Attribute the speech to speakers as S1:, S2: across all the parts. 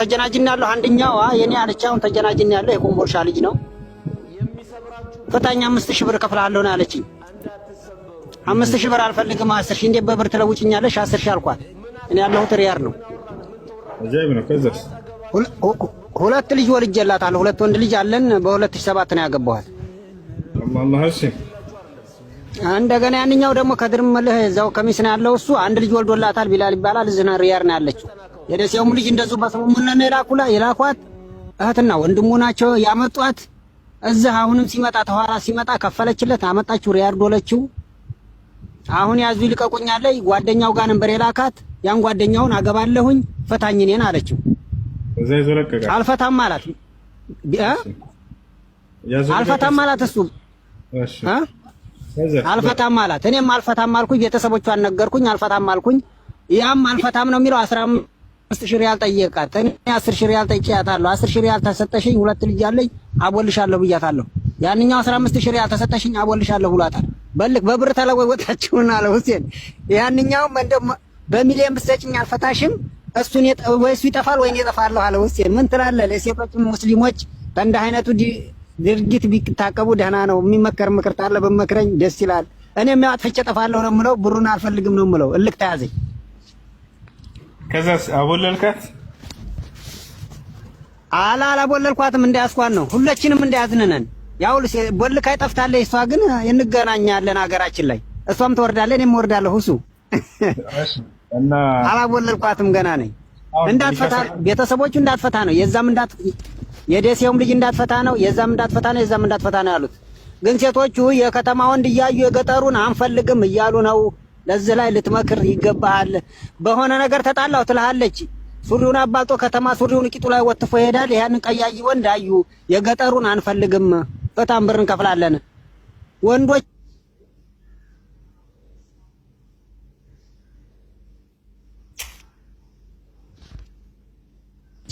S1: ተጀናጅን ያለው አንደኛዋ የኔ አለች። አሁን ተጀናጅን ያለው የኮምቦልሻ ልጅ ነው። ፍታኝ አምስት ሺህ ብር ከፍላለሁ ነው ያለችኝ። አምስት ሺህ ብር አልፈልግም፣ አስር ሺህ እንዴት በብር ትለውጭኛለሽ? አስር ሺህ አልኳት። እኔ ያለሁት ሪያር ነው። ሁለት ልጅ ወልጄላታለሁ። ሁለት ወንድ ልጅ አለን። በሁለት ሺህ ሰባት ነው ያገባኋት። እንደገና ያንኛው ደግሞ ከድርምልህ እዛው ከሚስ ነው ያለው እሱ አንድ ልጅ ወልዶላታል። ቢላል ይባላል። እዚህ ሪያር ነው ያለችው የደሴውም ልጅ እንደዚሁ በስሙምነን የላኩላ የላኳት እህትና ወንድሙ ናቸው ያመጧት። እዚህ አሁንም ሲመጣ ተኋላ ሲመጣ ከፈለችለት፣ አመጣችሁ ሪያድ ዶለችው። አሁን ያዙ ይልቀቁኛለይ። ጓደኛው ጋር ነበር የላካት። ያን ጓደኛውን አገባለሁኝ ፈታኝ እኔን አለችው። አልፈታም አላት። አልፈታም አላት። እሱ አልፈታም አላት። እኔም አልፈታም አልኩኝ። ቤተሰቦቿን ነገርኩኝ። አልፈታም አልኩኝ። ያም አልፈታም ነው የሚለው አስራ አምስት ሺህ ሪያል ጠየቃት። እኔ አስር ሺህ ሪያል ጠይቄያታለሁ። አስር ሺህ ሪያል ተሰጠሽኝ፣ ሁለት ልጅ አለኝ፣ አቦልሻለሁ ብያታለሁ። ያንኛው አስራ አምስት ሺህ ሪያል ተሰጠሽኝ፣ አቦልሻለሁ ብሏታል። በልክ በብር ተለወጣችሁና አለ ሁሴን። ያንኛውም እንደውም በሚሊዮን ብትሰጪኝ አልፈታሽም፣ እሱን ወይ እሱ ይጠፋል ወይ እኔ አለ ሁሴን። ምን ትላለህ? ለሴቶች ሙስሊሞች በእንዲህ አይነቱ ድርጊት ቢታቀቡ ደህና ነው። የሚመከር ምክር ካለ በመክረኝ ደስ ይላል። እኔ ያው አጥፍቼ እጠፋለሁ ነው የምለው፣ ብሩን አልፈልግም ነው የምለው። እልክ ተያዘኝ።
S2: ከዛስ አቦለልካት?
S1: አላ አላቦለልኳትም፣ እንዳያስኳን ነው። ሁላችንም እንዳያዝንነን ያው ቦልካይ ጠፍታለች። እሷ ግን እንገናኛለን ሀገራችን ላይ እሷም ትወርዳለች፣ እኔም እወርዳለሁ። እሱ እና አላቦለልኳትም፣ ገና ነኝ። እንዳትፈታ ቤተሰቦቹ እንዳትፈታ ነው፣ የዛም እንዳት የደሴውም ልጅ እንዳትፈታ ነው፣ የዛም እንዳትፈታ ነው፣ የዛም እንዳትፈታ ነው ያሉት። ግን ሴቶቹ የከተማ ወንድ እያዩ የገጠሩን አንፈልግም እያሉ ነው። ለዚህ ላይ ልትመክር ይገባሃል። በሆነ ነገር ተጣላው ትልሃለች። ሱሪውን አባልጦ ከተማ ሱሪውን ቂጡ ላይ ወጥፎ ይሄዳል። ያንን ቀያይ ወንድ አዩ። የገጠሩን አንፈልግም፣ በጣም ብር እንከፍላለን። ወንዶች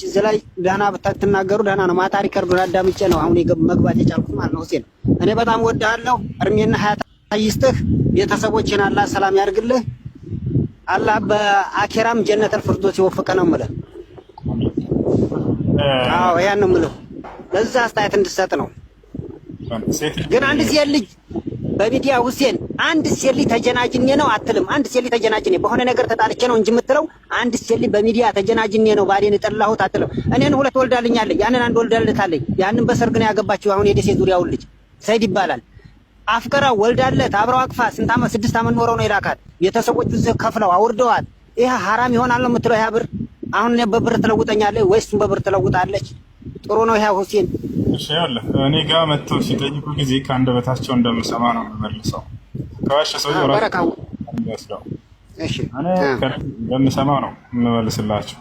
S1: እዚህ ላይ ደህና ብትናገሩ ደህና ነው። ማታ ሪከርዱን አዳምጬ ነው አሁን መግባት የቻልኩት ማለት ነው። ሁሴን እኔ በጣም ወድሃለሁ እርሜና ሀያ አይስተህ ቤተሰቦችን አላህ ሰላም ያርግልህ። አላህ በአኬራም ጀነተል ፍርዶስ ይወፍቀ ነው የምልህ። አዎ ያን ነው የምልህ። ለዛ አስተያየት እንድሰጥ ነው። ግን አንድ ሴት ልጅ በሚዲያ ሁሴን አንድ ሴት ልጅ ተጀናጅኔ ነው አትልም። አንድ ሴት ልጅ ተጀናጅኔ በሆነ ነገር ተጣልቼ ነው እንጂ የምትለው አንድ ሴት ልጅ በሚዲያ ተጀናጅኔ ነው ባሌን ጠላሁት አትልም። እኔን ሁለት ወልዳልኛለች፣ ያንን አንድ ወልዳልታለች። ያንን በሰርግ ነው ያገባችው። አሁን የደሴ ዙሪያውን ልጅ ሰይድ ይባላል አፍቀራ ወልዳለት አብረው አቅፋ ስንት ዓመት ስድስት ዓመት ኖረው ነው የላካት። ቤተሰቦቹ ከፍለው አውርደዋል። ይሄ ሀራም ይሆናል ነው የምትለው? ያ ብር አሁን በብር ትለውጠኛለች ወይ እሱን በብር ትለውጣለች? ጥሩ ነው ያ ሁሴን።
S2: እሺ ያለ እኔ ጋ መጥተው ሲጠይቁ ጊዜ ከአንድ በታቸው እንደምሰማ ነው የምመልሰው። ከዋሸ ሰው ይወራል ይወስደው። እሺ እኔ እንደምሰማ ነው የምመልስላቸው።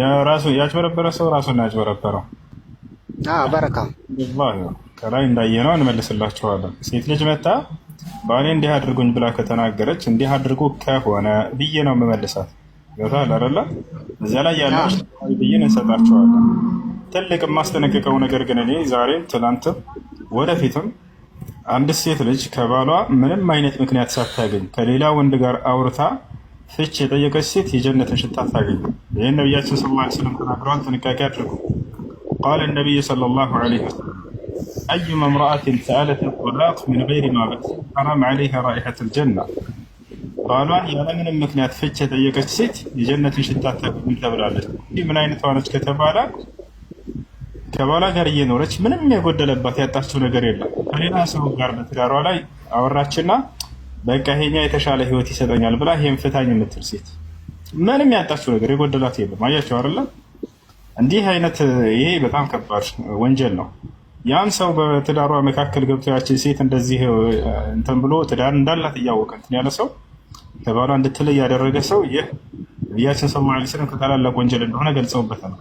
S2: የራሱ ያጭበረበረ ሰው ራሱን ያጭበረበረው። አዎ በረካ ከላይ እንዳየነው እንመልስላችኋለን። ሴት ልጅ መታ ባሌ እንዲህ አድርጉኝ ብላ ከተናገረች እንዲህ አድርጉ ከሆነ ብዬ ነው የምመልሳት። ይወታል አደለ? እዚያ ላይ ያለ ብዬን እንሰጣችኋለን። ትልቅ የማስጠነቅቀው ነገር ግን እኔ ዛሬም ትላንትም ወደፊትም አንድ ሴት ልጅ ከባሏ ምንም አይነት ምክንያት ሳታገኝ ከሌላ ወንድ ጋር አውርታ ፍች የጠየቀች ሴት የጀነትን ሽታ ታገኝ። ይህን ነቢያችን ስለ ስለም ተናግረዋል። ጥንቃቄ አድርጉ ቃል ነቢይ ሰለላሁ ዐለይሂ ወሰለም أيما امرأة سألت الطلاق من غير ما بأس حرم عليها رائحة الجنة ባሏን ያለምንም ምክንያት ፍች የጠየቀች ሴት የጀነትን ሽታ ታገኝ ተብላለች። ይህ ምን አይነት ዋነች ከተባለ ከባሏ ጋር እየኖረች ምንም የጎደለባት ያጣችው ነገር የለም። ከሌላ ሰው ጋር በትዳሯ ላይ አወራችና በቃ ይሄኛ የተሻለ ህይወት ይሰጠኛል ብላ ይሄን ፍታኝ የምትል ሴት ምንም ያጣችው ነገር የጎደላት የለም። አያቸው አይደለም? እንዲህ አይነት ይሄ በጣም ከባድ ወንጀል ነው። ያን ሰው በትዳሯ መካከል ገብቶ ያችን ሴት እንደዚህ እንትን ብሎ ትዳር እንዳላት እያወቀ እንትን ያለ ሰው ከባሏ እንድትለይ ያደረገ ሰው ይህ ነቢያችን ሰለላሁ ዓለይሂ ወሰለም ከታላላቅ ወንጀል እንደሆነ ገልጸውበታል።